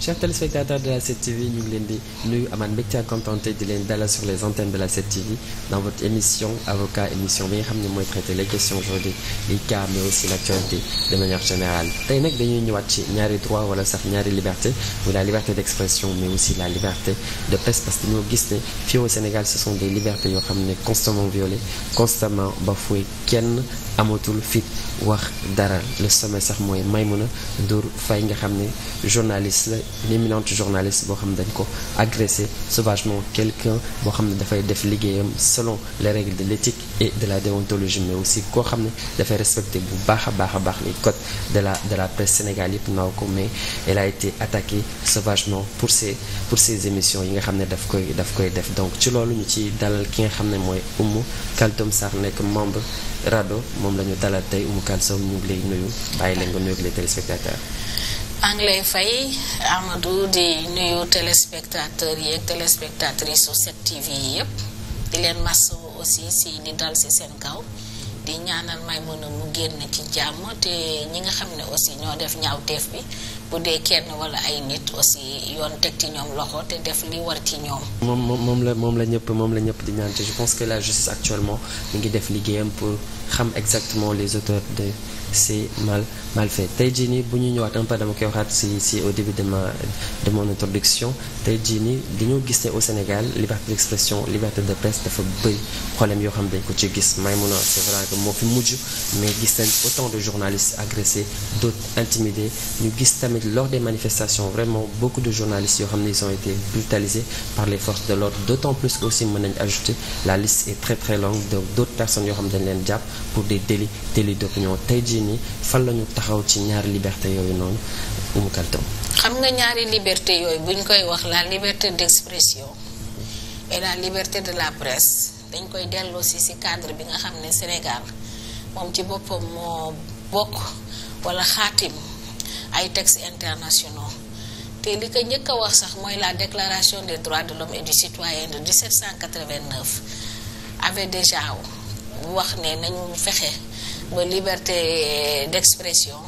chers téléspectateurs de la 7TV ñu ngi leen di nuyu amaat mbégte ak contenté di leen dalal sur les antennes de la 7TV dans votre émission avocat émission bi nga xam ne mooy traiter les questions aujourd'hui les cas mais aussi l'actualité de manière générale tey nag dañuy ñëwaat ci ñaari droit wala sax ñaari liberté muy la liberté d'expression mais aussi la liberté de presse parce que ñoo gis ne fii au Sénégal ce sont des libertés yoo xam ne constamment violées constamment bafouées kenn amatul fit wax dara le sommet sax mooy Maïmouna Ndour Faye nga xam ne journaliste une éminente journaliste boo xam ne dañ ko agressé sauvagement quelqu'un boo xam ne dafay def liggéeyam selon les règles de l'éthique et de la déontologie mais aussi koo xam ne dafay respecté bu baax a baax a baax les codes de la de la presse sénégalaise yëpp naaw ko mais elle a été attaquée sauvagement pour ses pour ses émissions yi nga xam ne daf koy daf koy def donc ci loolu ñu ci dalal ki nga xam ne mooy Oumou Kaltom Sarr nekk membre RADDHO moom la ñu dalal tey umu Kaltom ñu ngi nuyu bàyyi leen nga nuyu les téléspectateurs maa ngi fay Amadou di nuyu téléspectateurs yee ak téléspectatrices su 7TV yi yëpp di leen masawu aussi si di dal si seen kaw di ñaanal may mën a mu génn ci jàmm te ñi nga xam ne aussi ñoo def ñaawteef bi bu dee kenn wala ay nit aussi yoon teg ci ñoom loxo te def li war ci ñoom. moom moom la moom la ñëpp moom la ñëpp di ñaan te je pense que la justice actuellement mi ngi def liggéeyam pour. xam exactement les auteurs de ces mal malfaits tey jii nii bu ñu ñëwaat un peu koy waxaat si si au début de ma de mon introduction tey jii nii dañoo gis ne au Sénégal liberté d'expression liberté de presse dafa bëri problème yoo xam dañ ko ci gis may mun a c'est vrai moo fi mujj mais gis nañ autant de journalistes agressés d'autres intimidés ñu gis tamit lors des manifestations vraiment beaucoup de journalistes yoo xam ne ils ont été brutalisés par les forces la liste est très très leen jàpp pour de délits délits d'opinion tey jii nii fan la ñu taxaw ci ñaari liberté yooyu noonu umu kaltam xam nga ñaari liberté yooyu buñ koy wax la liberté d'expression et la liberté de la presse dañ koy delloo si si cadre bi nga xam ne Sénégal moom ci boppam moo bokk wala xaatim ay textes internationaux te li ko njëkk a wax sax mooy la déclaration des droits de l'homme et du citoyen de 1789 avait déjà bu wax ne nañu fexe ba liberté d'expression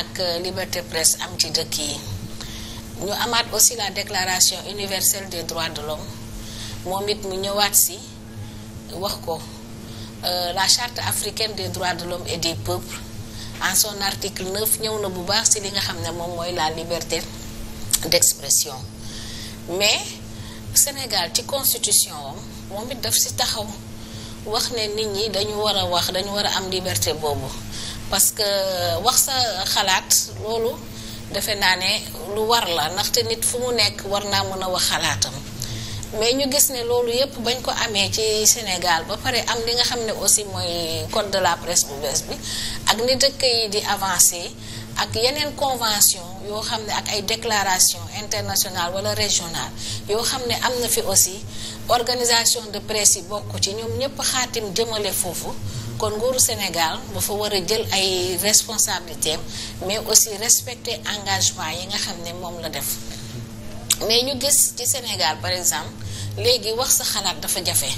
ak liberté presse am ci dëkk yi ñu amaat aussi la déclaration universelle des droits de l'homme moom it mu ñëwaat si wax ko euh, la charte africaine des droits de l'homme et des peuples en son article 9 ñëw na bu baax si li nga xam ne moom mooy la liberté d'expression mais Sénégal ci constitution am moom it daf si taxaw wax ne nit ñi dañu war a wax dañu war a am liberté boobu parce que wax sa xalaat loolu defe naa ne lu war la ndaxte nit fu mu nekk war naa mën a wax xalaatam mais ñu gis ne loolu yépp bañ ko amee ci Sénégal ba pare am li nga xam ne aussi mooy code de la presse bu bees bi ak ni dëkk yi di avancer ak yeneen convention yoo xam ne ak ay déclaration internationale wala régional yoo xam ne am na fi aussi organisation de presse yi bokk ci ñoom ñëpp xaatim jëmale foofu kon nguuru Sénégal fa war a jël ay responsabilités mais aussi respecter engagement yi nga xam ne moom la def mais ñu gis ci Sénégal par exemple léegi wax sa xalaat dafa jafe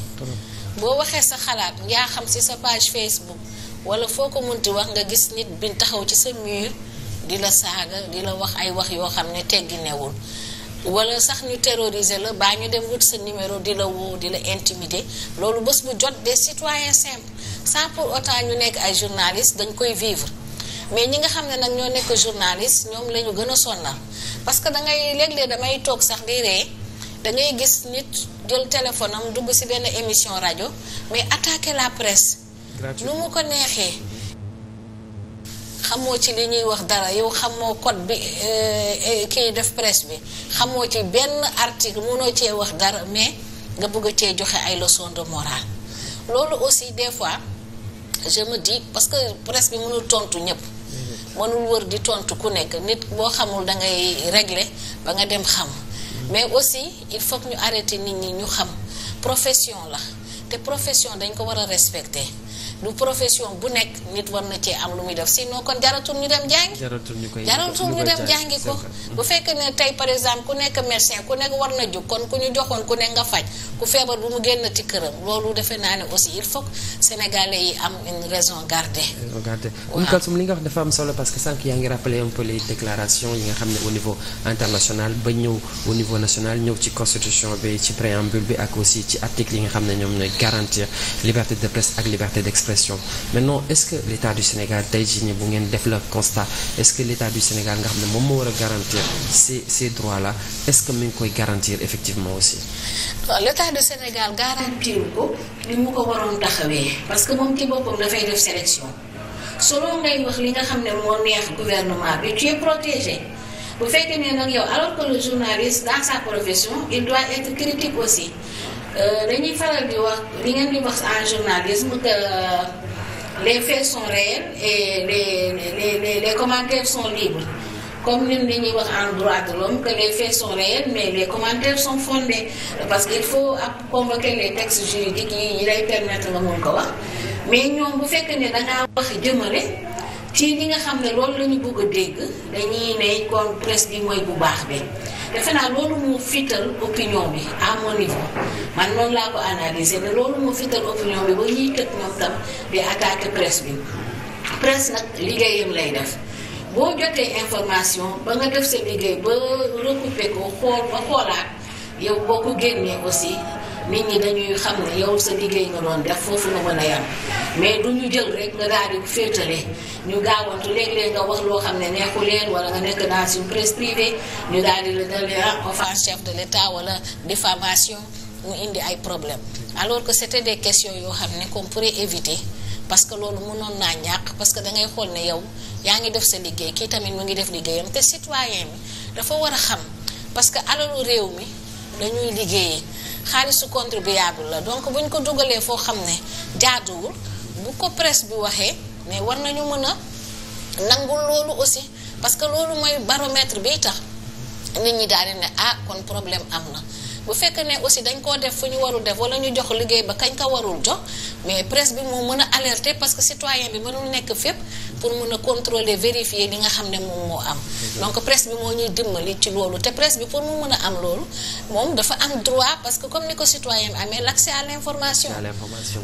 boo waxee sa xalaat yaa xam ci sa page Facebook wala foo ko munti wax nga gis nit bi taxaw ci sa mur di la saaga di la wax ay wax yoo xam ne tegginewul wala sax ñu terroriser la baa ñu dem wut sa numéro di la woo di la intimider loolu bés bu jot des citoyens simples sans pour autant ñu nekk ay journalistes dañ koy vivre mais ñi nga xam ne nag ñoo nekk journaliste ñoom la ñu gën a sonnal parce que da ngay léeg-léeg damay toog sax di ree da ngay gis nit jël téléphone am dugg ci benn émission rajo mais attaquer la presse. nu mu ko neexee. xamoo ci li ñuy wax dara yow xamoo code bi euh, kii def presse bi xamoo ci benn article mënoo cee wax dara mais nga bëgg cee joxe ay leçon de morale loolu aussi des fois je me dis parce que presque bi mënul tontu ñëpp. mënul wër di tontu ku nekk nit boo xamul da ngay régler ba nga dem xam. mais aussi il faut ñu arrêté nit ñi ñu xam profession la te profession dañ ko war a respecter. du profession bu nekk nit war na cee am lu muy def sinon kon jaratul ñu dem jàngi jaratul ñu dem jàngi ko bu fekkee ne tey par exemple ku nekk médecin ku nekk war na jóg kon ku ñu joxoon ku nekk nga faj ku feebar bu mu génn ci loolu defe naa ne aussi il faut que sénégalais yi am une raison gardée Oum Kalsoum li nga wax dafa am solo parce que sànq yaa ngi rappelé un peu les déclarations yi nga xam ne au niveau international ba ñëw au niveau national ñëw ci constitution bi ci préambule bi ak aussi ci article yi nga xam ne ñoom ñooy garantir liberté de presse ak expression maintenant est-ce que l'état du Sénégal tey jii bu ngeen def la constat est-ce que l'état du Sénégal nga xam ne moom moo war a garantir ces ces droits là est-ce que mi ngi koy garantir effectivement aussi. l'état du Sénégal garantir ko ni mu ko waroon taxawee parce que moom ci boppam dafay def sélection selon ngay wax li nga xam ne moo neex gouvernement bi tu es bu fekkee ne nag yow alors que le journaliste dans profession il doit être critique Euh, dañuy faral di wax li ngeen di wax en journalisme que euh, les faits sont réels et les les les, les commentaires sont comme ñun li ñuy wax en droit de l'homme que les faits sont réels mais les commentaires sont fondés parce que il faut ab convoquer les textes juridiques yi yi lay permettre nga mën ko wax mais ñoom bu fekkee ne dangaa wax jëmale ci li nga xam ne loolu lañu ñu bëgg a dégg dañuy ne kon presse bi mooy bu baax bi defe naa loolu moo fiital opinion bi à mon niveau man noonu laa ko analyser ne loolu moo fiital opinion bi ba ñuy tëj ñoom tam di attaquer presse bi presse nag liggéeyam lay def boo jotee information ba nga def sa liggéey ba recouper ko xool ba xoolaat yow boo ko génnee aussi nit ñi dañuy xam ne yow sa liggéey nga doon def foofu nga mën a mais du ñu jël rek nga daal di féetale ñu gaawantu léeg-léeg nga wax loo xam ne neexu leen wala nga nekk dans une presse privée ñu daal di la dal offense chef de l'État wala diffamation mu indi ay problème alors que c'était des questions yoo xam ne qu'on pour éviter parce que loolu mënoon naa ñàkk parce que da ngay xool ne yow yaa ngi def sa liggéey kii tamit mu ngi def liggéeyam te citoyen dafa war a xam parce que alalu réew mi dañuy liggéeyee xaalisu contribuable la donc bu ñu ko dugalee foo xam ne jaaduwul bu ko presse bi waxee mais war nañu mën a nangul loolu aussi parce que loolu mooy baromètre bi tax nit ñi daal di ne ah kon problème am na bu fekkee ne aussi dañ koo def fu ñu warul def wala ñu jox liggéey ba kañ ko warul jox mais presse bi moo mën a alerter parce que citoyen bi mënul nekk fépp pour mun a contrôler vérifier li nga xam ne moom moo am donc presse bi moo ñuy dimbali ci loolu te presse bi pour mu mën a am loolu moom dafa am droit parce que comme ni ko citoyen amee l' accès à l' information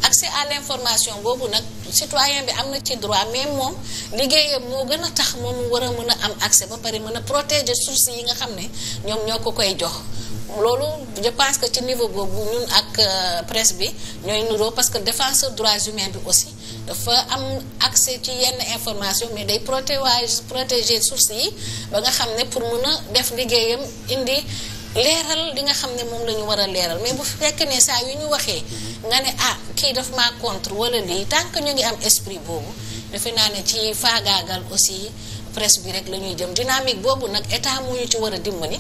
accès à l' information boobu nag citoyen bi am na ci droit mais moom liggéeyam moo gën a tax moom war a mën a am accès ba pare mën a protéger source yi nga xam ne ñoom ñoo ko koy jox loolu je pense que ci niveau boobu ñun ak euh, presse bi ñooy nuroo parce que défenseur droits humains bi aussi dafa am accès ci yenn information mais day protéger protéger source yi ba nga xam ne pour mën a def liggéeyam indi leeral li nga xam ne moom la ñu war a leeral mais bu fekkee ne saa yu ñu waxee nga ne ah kii daf ma contre wala lii tant que ñu ngi am esprit boobu defe naa ne ci faagaagal aussi presse bi rek la ñuy jëm dynamique boobu nag état mu ci war a dimbali.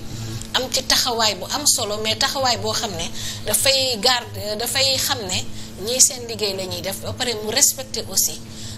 am ci taxawaay bu am solo mais taxawaay boo xam ne dafay garde dafay xam ne ñii seen liggéey lañuy ñuy def ba pare mu respecter aussi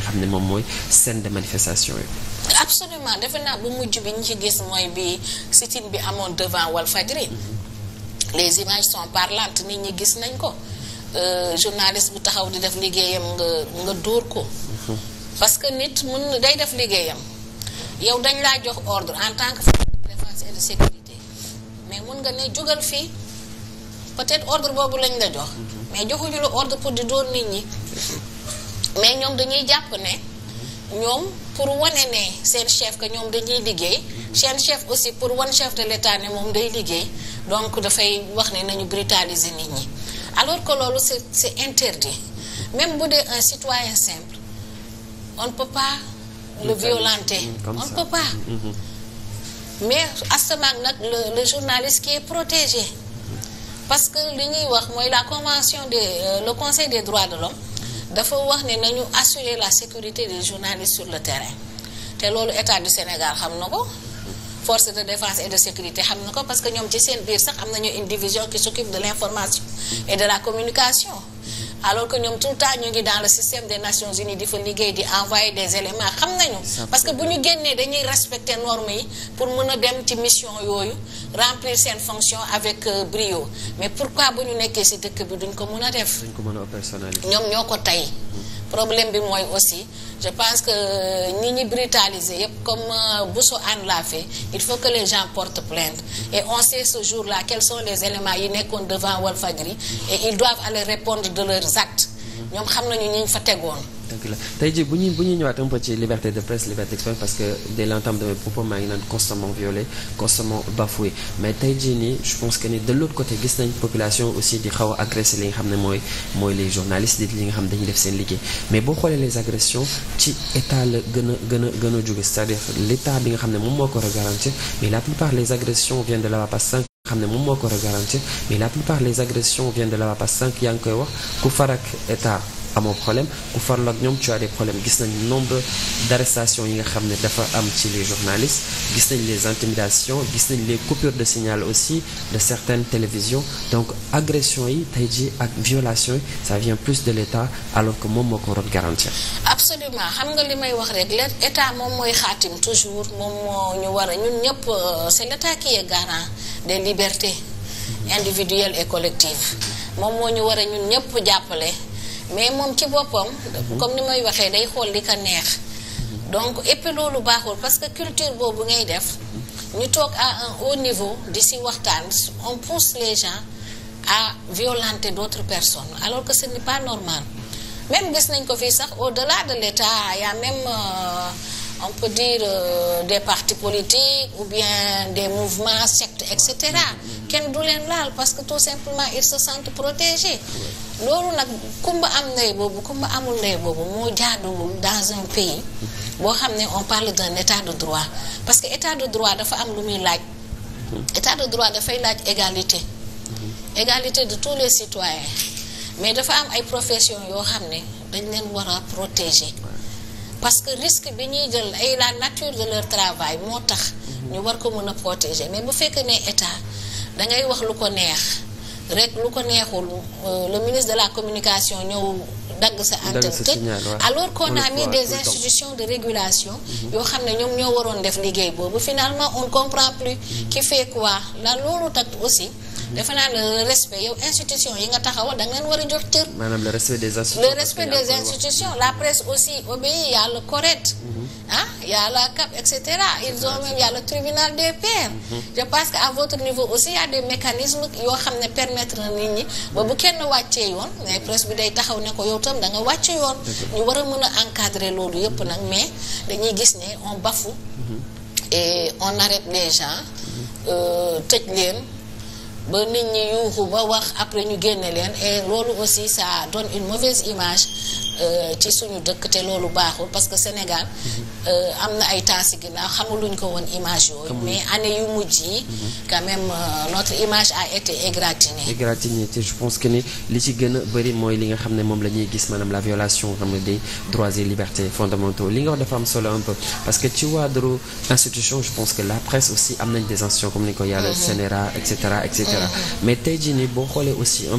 nga xam ne moom mooy scène de manifestation yi. absolument defe naa bu mujj bi ñu ci gis mooy bi sit-in bi amoon devant Walfadjri les images sont parlantes nit ñi gis nañ ko euh, journaliste bu taxaw di def liggéeyam nga nga dóor ko. parce que nit mun na day def liggéeyam yow dañ laa jox ordre en tant que force et de sécurité mais mun nga ne jógal fii peut-être ordre boobu lañ la jox mais joxuñu la ordre pour di dóor nit ñi mais ñoom dañuy jàpp ne ñoom pour wane ne seen chef que ñoom dañuy liggéey seen chef aussi pour wan chef de l'état ne moom day liggéey donc dafay wax ne nañu brutaliser nit ñi alors que loolu c'est c'est interdit même bu dee un citoyen simple on ne peut pas le violenter mm, on ne mm-hmm. mais astamaak nag le journaliste qui protégé parce que li ñuy wax mooy la convention de euh, le conseil des droits de l'homme dafa wax ne nañu assurer la sécurité des journalistes sur le terrain te loolu état du Sénégal xam na ko force de défense et de sécurité xam na ko parce que ñoom ci seen biir sax am nañu une division qui s'occupe de l'information et de la communication alors que ñoom tout le temps ñu ngi dans le système de Nations Unies di fa liggéey di envoyer des éléments xam nañu parce que bu ñu génnee dañuy respecter normes yi pour mun a dem ci mission yooyu remplir seen fonction avec euh, brio mais pourquoi bu ñu nekkee si dëkk bi duñ ko mën a def. duñ ñoom ñoo ko tey. Mm. problème bi mooy aussi je pense que euh, ñi ñi brutaliser yëpp comme euh, Bousso Anne l'a fait il faut que les gens portent plainte mm. et on ce jour-là quels sont les éléments yi nekkoon devant Walfadjri et ils doivent aller répondre de leur actes mm. ñoom xam nañu ñu ñu fa tegoon. dëgg la tey jii bu ñuy bu ñuy ñëwaat un peu ci liberté de presse liberté d'expression parce que dès l'entame de mes propos maa naan constamment violé constamment bafoué mais tey jii nii je pense que ni de l'autre côté gis nañ population aussi di xaw a agressé li nga xam ne mooy mooy les journalistes di li nga xam ne dañuy def seen liggéey mais boo xoolee les agressions ci bi nga xam ne moom moo ko garantir mais la plupart les agressions viennent de moom moo ko garantir mais la plupart les agressions viennent de yaa ngi koy wax ku farak état amoo problème ku farlu ak ñoom tu as des gis nañ nombre d'arrestations yi nga xam ne dafa am ci les journalistes gis nañ les intimidations gis nañ les coupures de signal aussi de certaines télévisions donc agression yi tey jii ak violation yi ça vient plus de l'État alors que moom moo ko waroon garantir. absolument xam nga li may wax rek l'État moom mooy xaatim toujours moom moo ñu war a ñun ñëpp euh, a ñun ñëpp jàppale. mais moom ci boppam. comme ni may waxee day xool li ko neex. donc et puis loolu baaxul parce que culture boobu ngay def. ñu toog à un haut niveau di si waxtaan on pousse les gens à violenter d' autres personnes alors que ce n'est pas normal même gis nañ ko fii sax au-delà de l' état y même euh, on peut dire euh, des partis politiques ou bien des mouvements sectes et kenn du leen laal parce que tout simplement ils se sentent protégés loolu nag kumba am ndey boobu kumba amul ndey boobu moo jaaduwul dans un pays boo xam ne on parle d'un état de droit parce que état de droit dafa am lu muy laaj état de droit dafay laaj égalité égalité de tous les citoyens mais dafa am ay profession yoo xam ne dañ leen war a protégé parce que risque bi ñuy jël ay la nature de leur travail moo tax ñu war ko mën a protéger mais bu fekkee ne état dangay wax lu ko neex rek lu ko neexul euh, le ministre de la communication ñëw dagg sa antenne tëj alors qu'on a mis des institutions de régulation mhm. yoo xam ne ñoom ñoo waroon def liggéey boobu finalement on ne comprend plus mhm. qui fait quoi la loolu tat aussi Mhm. defe naa ne respect yow institution yi nga taxawal da nga leen war a jox cër. maanaam le respect des institutions. le respect des la presse aussi obéit y a le CORED. Mhm. ah y a la CAP et cetera ils ont même y tribunal des pairs. Mhm. je pense que à votre niveau aussi y a des yoo xam ne permettre na nit ñi ba bu kenn wàccee yoon mais presse bi day taxaw ne ko yow tam da nga wàcc yoon. ñu war a mën a encadrer loolu yëpp nag mais dañuy gis ne on bafoue. et on arrête euh, tëj leen. ba nit ñi yuuxu ba wax après ñu génne leen et loolu aussi ça done une mauvaise image Euh, ci suñu dëkk te loolu baaxul parce que Sénégal euh, am na ay taasi ginnaaw xamuluñ ko woon image yooyu mais année yu mujj yi mhm. quand euh, notre image a été égratignée égratignée je pense que ni li ci gën a bëri mooy li nga xam ne moom la ñuy gis maanaam la violation xam ne des droits et libertés fondamentaux li nga wax dafa am solo un peu parce que ci wàllu institution je pense que la presse aussi am nañ des institutions comme ni ko yàlla CNRA mhm. et cetera et cetera mhm. mais tey jii nii boo xoolee aussi un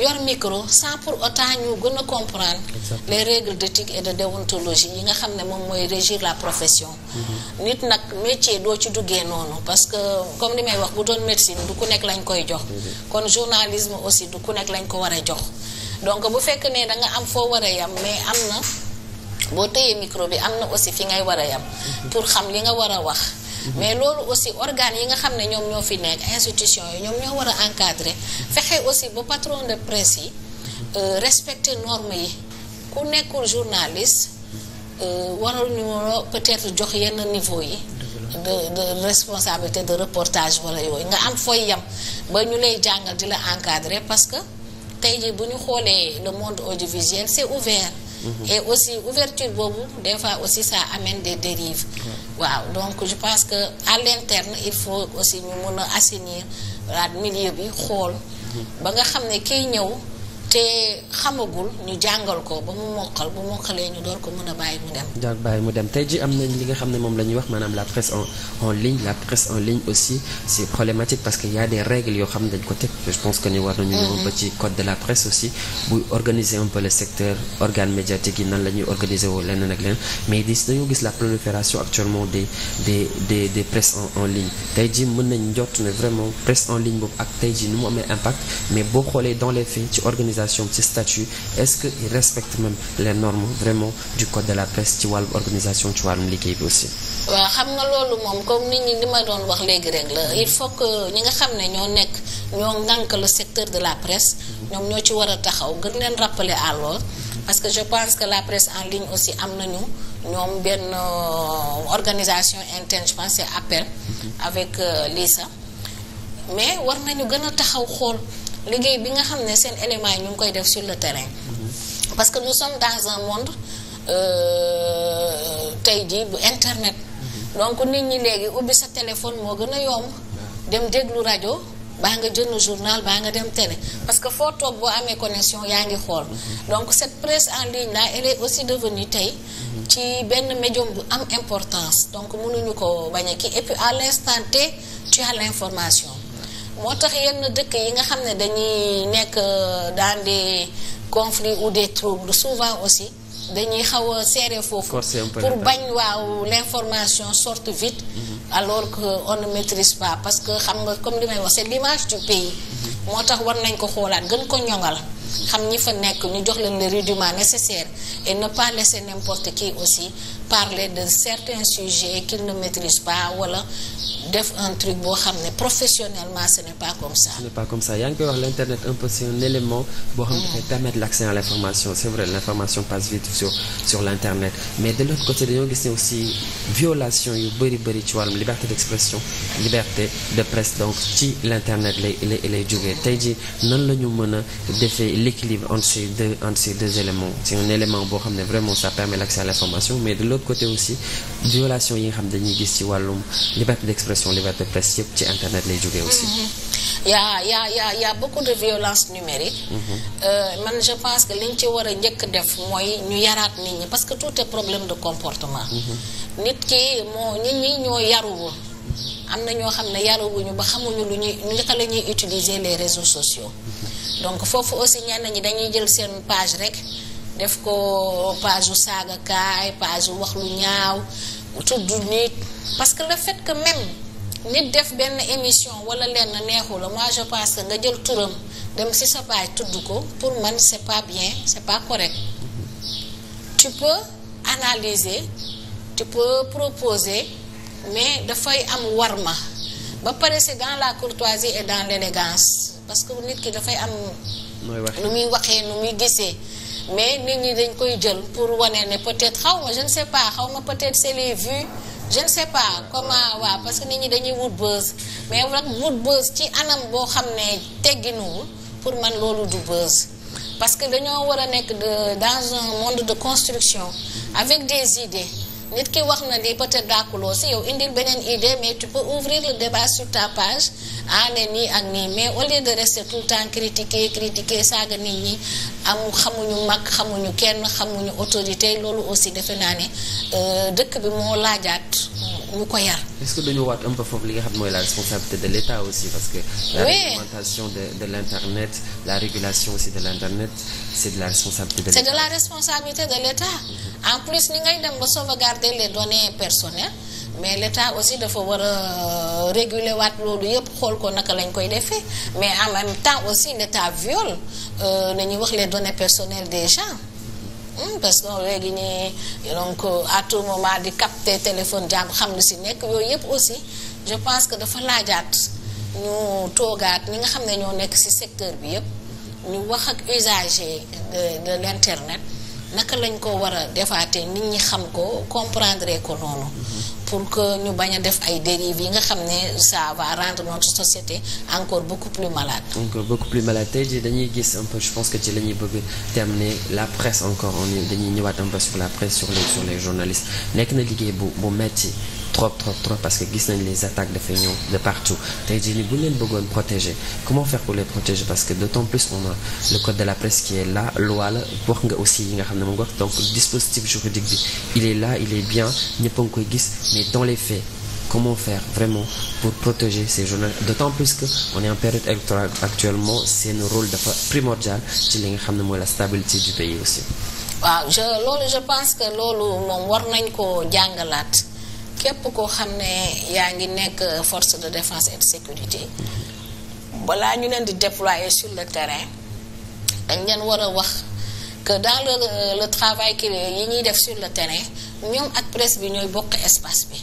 yor micro sans pour autant ñu gën a comprendre les règles d'éthique et de déontologie yi nga xam ne moom mooy régir la profession mm-hmm. nit nag métier doo ci duggee noonu parce que comme li may wax bu doon médecine du ku nekk lañ koy jox mm-hmm. kon journalisme aussi du ku nekk lañ ko war a jox donc bu fekk ne da nga am foo war a yam mais am na boo téyee micro bi am na aussi fi ngay war a yam mm-hmm. pour xam li nga war a wax mais loolu aussi organes yi nga xam ne ñoom ñoo fi nekk institution yi ñoom ñoo war a encadrer fexe aussi ba patron de presse yi euh, respecter normes yi ku nekkul journaliste euh, waral ñu peut-être jox yenn niveau yi de de responsabilité de wala yooyu nga am fooy yam ba ñu lay jàngal di la encadrer parce que tey jii bu ñu xoolee le monde audiovisuel c'est ouvert et aussi ouverture boobu des fois aussi ça amène des dérives waaw donc je pense que à l'interne il faut aussi ñu mën a assainir milieu bi xool ba nga xam ne kiy ñëw te xamagul ñu jàngal ko ba mu mokkal bu mokkalee ñu door ko mën a bàyyi mu dem. door bàyyi mu dem tey ji am nañ li nga xam ne moom la ñuy wax maanaam la presse en ligne la presse en ligne aussi c'est problématique parce que y a des yoo xam ne dañ ko teg je pense que ni war nañu mm-hmm. la presse aussi buy organiser un secteur organe médiatique yi nan la ñuy organiser woo leneen ak leneen mais dis dañoo gis la prolifération actuellement des des des des presse en en ligne tey ji mën nañ njort ne vraiment presse en ligne boobu ak tey ji ni mu amee impact mais boo xoolee dans les faits ci organisation organisation ci statut est-ce que il respecte même les normes vraiment du code de la presse ci wàllu organisation ci wàllum liggéey bi aussi. waaw xam nga loolu moom comme nit ñi li ma doon wax léegi rek la il faut que ñi nga xam ne ñoo nekk ñoo ŋànk le secteur de la presse. ñoom ñoo ci war a taxaw gën leen rappeler à l'ordre parce que je pense que la presse en ligne aussi am nañu ñoom benn euh, organisation interne je pense c'est appel mhm. avec euh, Lisa mais war nañu gën a taxaw xool. liggéey bi nga xam ne seen élément yi ñu ngi koy def sur le terrain mhm. parce que nous sommes dans un monde euh, tey jii bu internet mhm. donc nit ñi léegi ubbi sa téléphone moo gën a yomb dem déglu rajo baa nga jënd journal baa nga dem télé parce que foo toog boo amee connexion yaa ngi xool mhm. donc cette presse en ligne là elle est aussi devenue tey ci benn médium bu am importance donc mënuñu ko bañ a et à l'instant T tu information moo tax yenn dëkk yi nga xam ne dañuy nekk dans des conflits ou des troubles souvent aussi dañuy xaw a serré foofu pour bañ waaw l'information sorte vite mm-hmm. alors que on ne maîtrise pas parce que xam nga comme li may wax se l'image du pays mm-hmm. moo tax war nañ ko xoolaat gën ko ñoŋal xam ñi fa nekk ñu jox leen le rudiment nécessaire et ne pas laisser n'importe qui aussi parler de certains sujets qu'il ne maîtrise pas wala def un boo xam ne professionnellement ce n'est pas comme ça. yaa ngi koy wax l'internet un peu c'est un élément boo xam ne dafay mm. permettre l'accès à l'information c'est vrai l'information passe vite sur l'internet mais de l'autre côté dañoo gis ne aussi violation yu bëri bëri ci wàllum liberté d'expression liberté de presse donc ci l'internet lay lay lay jógee tey jii la ñu a defee l'équilibre entre ces deux entre ces deux éléments c'est un élément boo xam ne vraiment ça permet l'accès à l'information mais de l'autre côté aussi violation yi nga xam dañuy gis ci wàllum liberté d'expression liberté de yëpp ci internet lay jógee aussi mm-hmm. y a y a y a y a beaucoup de violence numérique mm-hmm. euh, man je pense que liñ ci war a njëkk def mooy ñu yaraat nit ñi parce que tout est problème de comportement mm-hmm. nit ki moo nit ñi ñoo yaruwul am na ñoo xam ne yarawuñu ba xamuñu lu ñuy naka la ñuy utiliser les réseaux sociaux donc foofu aussi ñenn ñi dañuy jël seen page rek def ko page u saagakaay page wax lu ñaaw tudd nit parce que le fait que même nit def benn émission wala lenn neexu la je pense que nga jël turam dem ci sa page tudd ko pour man c'est pas bien c'est pas correct tu peux analyser tu peux proposer mais dafay am war warma ba pare c'est dans la courtoisie et dans l'élégance parce que nit ki dafay am nu muy waxee nu muy gisee mais nit ñi dañ koy jël pour wane ne peut-être xaw ma je ne pas xaw ma peut-être c'est les vues jeune ne pas pas comment waaw parce que nit ñi dañuy wut buzz mais rek wut buzz ci anam boo xam ne tegginuwul pour man loolu du buzz parce que dañoo war a nekk de dans un monde de construction avec des idées nit ki wax na lii peut-être dàkkuloo si yow indil beneen idée mais tu peux ouvrir le débat sur ta page ah ne nii ak nii mais au lieu de rester tout le temps critiquer critiquer saaga nit ñi am xamuñu mag xamuñu kenn xamuñu autorité loolu aussi defe naa ne euh, dëkk bi moo laajaat ñu ko yar. est-ce que dañu waat un peu foofu li nga xam mooy la responsabilité de l'État aussi parce que. la de de l'internet la régulation aussi de l'internet c'est la responsabilité de l'État. la responsabilité de l'État. Mm-hmm. en plus ni ngay dem ba sauvegarder les données personnelles. mais l'état aussi dafa war a euh, réguler waat loolu yëpp xool ko naka lañ koy defee mais en même temps aussi l'état viole euh, nañuy wax les données personnelles des gens hmm, parce que léegi ñi donc euh, à tout moment di capter téléphone jàmm xam lu si nekk yooyu yëpp aussi je pense que dafa laajaat ñu toogaat ñi nga xam ne ñoo nekk ci secteur bi yëpp ñu wax ak usager de de l'internet naka lañ ko war a defaatee nit ñi xam ko comprendre ko noonu pour que ñu bañ a def ay dérives yi nga xam ne ça va rendre notre société encore beaucoup plus malade. encore beaucoup plus malade tey jii dañuy gis un peu je pense que ci la ñuy bëgg terminer la presse encore on dañuy ñëwaat un sur la presse sur les sur les journalistes nekk na liggéey bu bu metti trop trop trop parce que gis nañ les attaques dafay ñëw de partout tey jii nii bu leen protéger comment faire pour les protéger parce que d'autant plus on a le code de la presse qui est là loi la wax aussi yi nga xam ne moom wax donc dispositif juridique bi il est là il est bien ñëpp a ngi gis mais les faits comment faire vraiment pour protéger ces journalistes d'autant plus que on est période électorale actuellement seen rôle dafa primordial ci li nga xam ne mooy la stabilité du képp koo xam ne yaa ngi nekk force de défense et de sécurité balaa ñu leen di déployer sur le terrain dañ leen war a wax que dans le le travail yi ñuy def sur le terrain ñoom ak presse bi ñooy bokk espace bi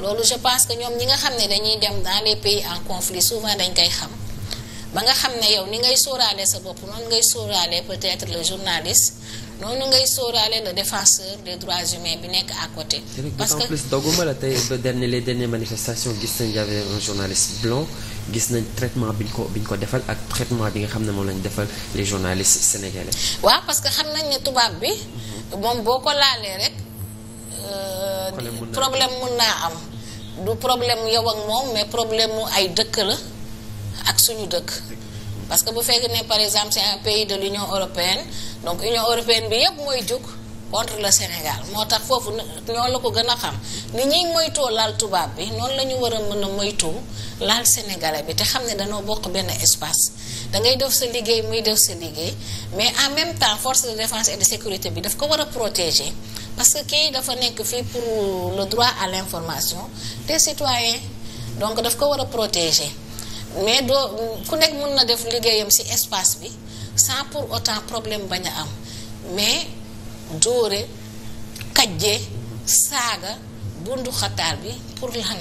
loolu je pense que ñoom ñi nga xam ne dañuy dem dans les pays en conflit souvent dañ koy xam ba nga xam ne yow ni ngay sóoraale sa bopp noonu ngay sóoraale peut-être le journaliste noonu ngay sóoraale le défenseur des droits humains bi nekk à côté. parce que en plus dogguma la tey ba dernier les dernières manifestations gis nañ y avait un journaliste blanc gis nañ traitement bi ñu ko bi ko defal ak traitement bi nga xam ne moom lañ defal les journalistes sénégalais. waaw parce que xam nañ ne tubaab bi moom boo ko laalee rek. Euh, problème mun naa am. du problème yow ak moom mais problème mu ay dëkk la ak suñu dëkk. parce que bu fekkee ne par exemple c'est un pays de l'Union européenne donc Union européenne bi yëpp mooy jug contre le Sénégal moo tax foofu ñoo la ko gën a xam ni ñuy moytoo laal tubaab bi noonu la ñu war a mën a moytu laal sénégalais bi te xam ne danoo bokk benn espace da ngay def sa liggéey muy def sa liggéey mais en même temps force de défense et de sécurité bi daf ko war a protéger parce que kii dafa nekk fii pour le droit à l'information te citoyens donc daf ko war a protéger mais doo ku nekk mën na def liggéeyam ci espace bi sans pour autant problème bañ a am mais dóore kajje saaga bundu xataar bi pour lan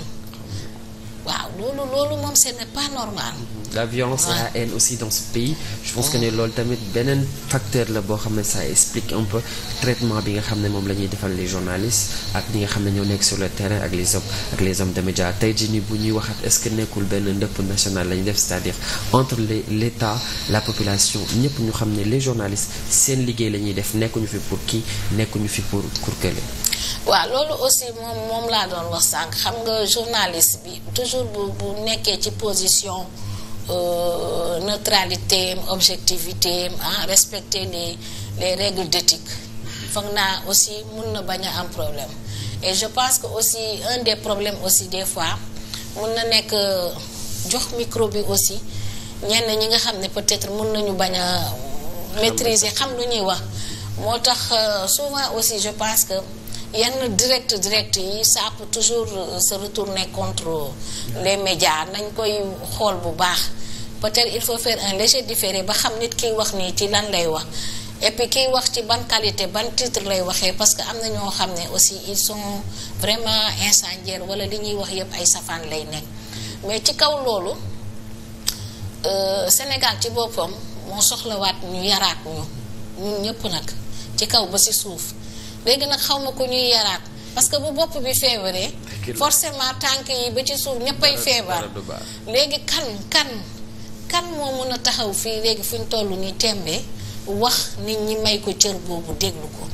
waaw loolu loolu moom ce pas normal. la violence et la haine aussi dans ce pays. je pense que ne loolu tamit beneen facteur la boo xam ne ça explique un peu traitement bi nga xam ne moom la ñuy defal les journalistes ak ñi nga xam ne ñoo nekk sur le terrain ak les hommes ak les hommes de médias tey jii nii bu ñuy waxaat est-ce que nekkul benn ndëpp national lañu def c'est-à-dire entre les l'État la population ñëpp ñu xam ne les journalistes seen liggéey la ñuy def nekkuñu fi pour kii nekkuñu fi pour pour waaw loolu aussi moom moom laa doon wax sànq xam nga journaliste bi toujours bu bu nekkee ci position euh, neutralité objectivité ah respecter les les règles d'éthique foog naa aussi mun na bañ a am problème et je pense que aussi un des problèmes aussi des fois mun na nekk euh, jox micro bi aussi ñenn ñi nga xam ne peut-être mun nañu bañ a maîtriser xam lu ñuy wax moo tax euh, souvent aussi je pense que yenn direct direct yi ça peut toujours euh, se retourner contre les médias nañ koy xool bu baax peut-être il faut faire un léger différé ba xam nit kiy wax nii ci lan lay wax et puis kiy wax ci ban qualité ban titre lay waxee parce que am na ñoo xam ne aussi ils son vraiment incendiaires wala li ñuy wax yépp ay safaan lay nekk mais ci kaw loolu euh, Sénégal ci boppam moo soxlawaat ñu yaraat ñu ñun ñëpp nag ci kaw ba si suuf léegi nag xaw ma ko ñuy yaraat parce que bu bopp bi feebaree forcément tànk yi ba ci suuf ñëppay feebar léegi kan kan kan moo mën a taxaw fii léegi fu ñu toll nii tembee wax nit ñi may ko cër boobu déglu ko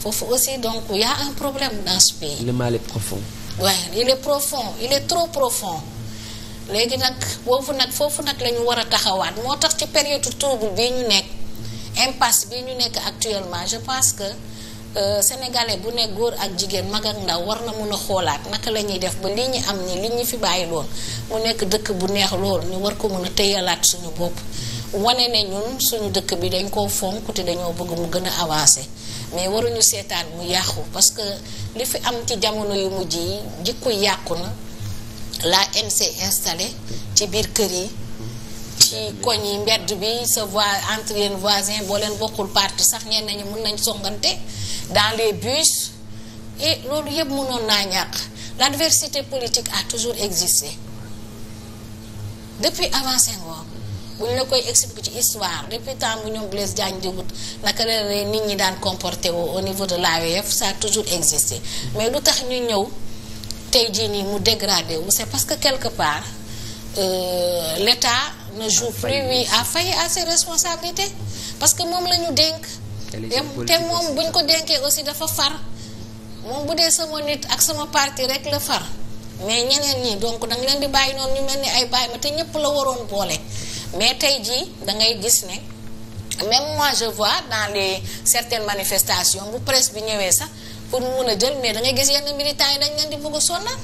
foofu aussi donc y a problème dans ce pays. le mal est profond. waaw il est profond il est trop léegi nag boobu nag foofu nag la war a taxawaat moo tax ci période trouble bii ñu nekk impasse bii ñu nekk actuellement je pense que. Euh, sénégalais bu ne góor ak jigéen mag ak ndaw war na mun a xoolaat naka la ñuy def ba li ñi am ni li ñu fi bàyyi loon mu nekk dëkk bu neex lool ñu war ko mun a téyalaat suñu bopp wane ne ñun suñu dëkk bi dañ koo fonk te dañoo bëgg mu gën a avancé mais waruñu seetaan mu yàqu parce que li fi am ci jamono yu mujj yi jikko yàqu na laa haine s'est ci biir kër yi ci koñ yi mbedd bi sa voix entre yéen voisin boo leen bokkul parti sax ñenn ñi mun nañ songante dans les bus et loolu yëpp mënoon naa ñàkk l'adversité politique a toujours existé depuis avant Senghor bu ñu la koy expliquer ci histoire depuis temps bu ñoom Blaise Diagne di wut naka la nit ñi daan comporté woo au niveau de la ça a toujours existé mais lu tax ñu ñëw tey jii nii mu dégradé wu c'est parce que quelque part euh, l'État ne joue a ah, plus oui a failli à ses responsabilités parce que moom la ñu dénk te moom buñ ko dénkee aussi dafa far moom bu dee sama nit ak sama parti rek la far mais ñeneen ñi donc danga leen di bàyyi noonu ñu mel ni ay bàyyi ma te ñëpp la waroon boole mais tey jii da ngay gis ne même moi je vois dans les certaines manifestation bu presse bi ñëwee sax pour mu mun a jël mais da ngay gis yenn militants yi dañ leen di bëgg a sonal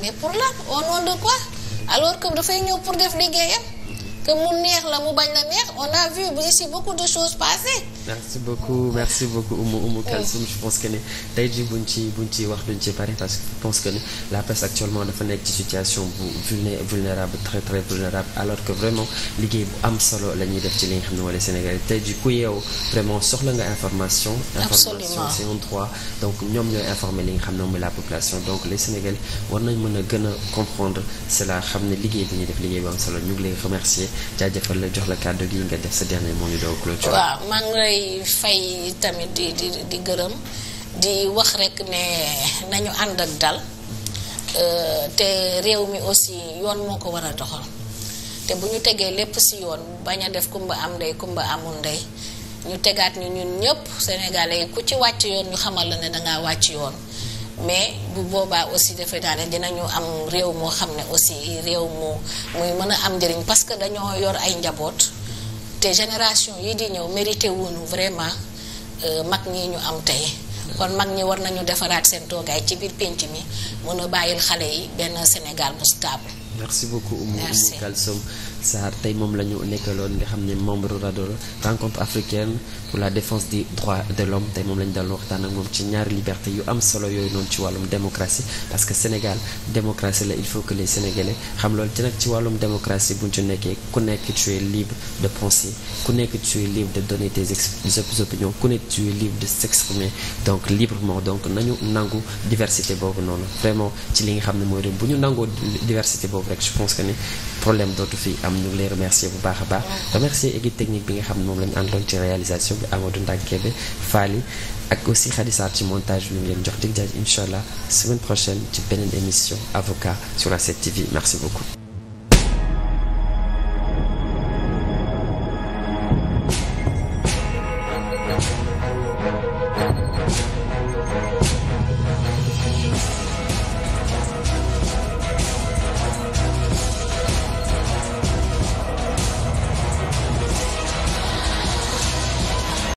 mais pour la au nom de alors que dafay ñëw pour def liggéeyam. que mu neex la mu bañ la neex on a vu ici beaucoup de choses passer. merci beaucoup merci beaucoup Oumou Oumou oh. Kalsoum je pense ci buñ ci wax duñ ci pare parce que je pense que ne la presse actuellement dafa nekk ci situation bu vulné vulnérable très très vulnérable alors que vraiment liggéey bu am solo la ñuy def ci li nga xam ne wala Sénégal tey jii ku yeewu vraiment soxla nga information. information c'est un droit donc ñoom ñoo informer li nga xam ne mooy la population donc les Sénégalais war nañ mën a gën a comprendre cela xam ne liggéey bi ñuy def solo ñu ngi lay jaajëfal la jox la kàddu gi nga def sa dernier mot ñu doog clôture. waaw maa ngi lay fay tamit di di di gërëm di wax rek ne nañu ànd ak dal euh, te réew mi aussi yoon moo ko war a doxal te bu ñu tegee lépp si yoon bañ a def kumba am ndey kumba amul ndey ñu tegaat ñu ñun ñëpp sénégalais yi ku ci wàcc yoon ñu xamal la ne dangaa wàcc yoon. mais bu boobaa aussi defe naa ne dinañu am réew moo xam ne aussi réew mu muy mën a am njëriñ parce que dañoo yor ay njaboot te génération yi di ñëw mérité wuñu vraiment euh, mag ñi ñu am tey kon mag ñi war nañu defaraat seen toogaay ci biir pénc mi mën a bàyyil xale yi benn Sénégal bu stable merci beaucoup Oumou Kalsoum Sarr tey moom la ñu nekkaloon nga xam ne membre RADDHO la rencontre africaine pour la défense des droits de l'homme tey moom la ñu daloon waxtaan ak moom ci ñaari liberté yu am solo yooyu noonu ci wàllum démocratie parce que Sénégal démocratie la il faut que les Sénégalais xam loolu ci nag ci wàllum démocratie buñ ci nekkee ku nekk tu es libre de penser ku nekk tu es libre de donner tes opinions ku nekk tu es libre de s'exprimer donc librement donc nañu nangu diversité boobu noonu vraiment ci li nga xam ne mooy réew bu ñu nangoo diversité boobu rek je problème dootu fi am ñu ngi lay bu baax a baax remercier équipe technique bi nga xam ne moom lañ àndoon ci réalisation bi Amadou Ndankebe Fally ak aussi Khadissa ci montage bi ñu leen jox dig daje incha allah semaine prochaine ci benn émission avocat sur la 7TV merci beaucoup